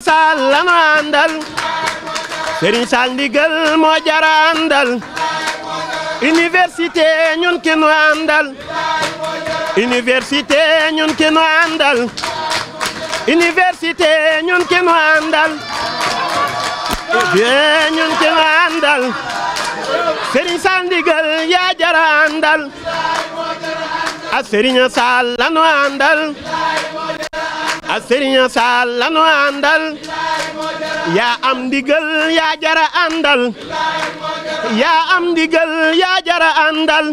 Sall la ma àndal Serigne Sall moo jara àndal université ñun ki nu àndal ñun ki nu àndal université ñun ki nu àndal yee ñun yaa jara àndal a sëriña saal lanu àndal yaa am ndigal yaa jara àndal yaa am ndigal yaa jara àndal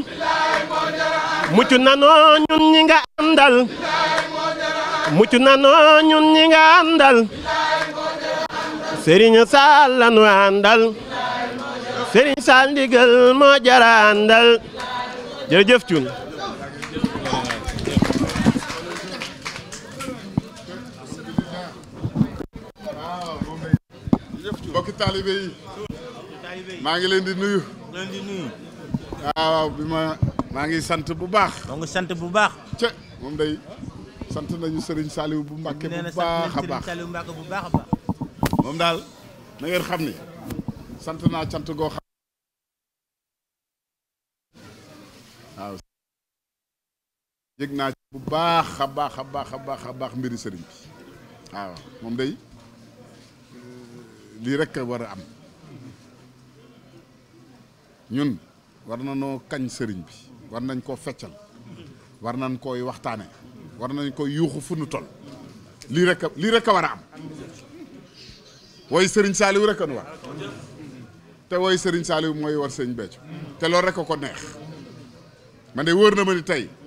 mucc nanoo ñun ñi nga àndal mucc ñun ñi nga àndal Serigne Sall lanu àndal Serigne Sall ndigal moo jara àndal jërëjëf taalibe yi maa ngi leen di nuyu leen ah, waaw bi ma maa ngi sant bu baax maa sant bu baax ca moom day sant nañu sëriñ Saliou bu Mbacke bu baax a baax Saliou Mbacke bu baax moom daal na ngeen xam ni sant naa cant goo xam waaw naa bu baax a baax a baax a baax a baax mbiri Serigne ah, waaw moom day lii rek war a am ñun war na noo kañ sëriñ bi war nañ koo feccal war nañ koy waxtaane war nañ koy yuuxu fu nu toll lii rek lii rek a war a am woy sëriñ Saaliw rek a nu war te wooy sëriñ Saaliw mooy war sëriñ Béthio te loolu rek ko neex man de wóor na mani tey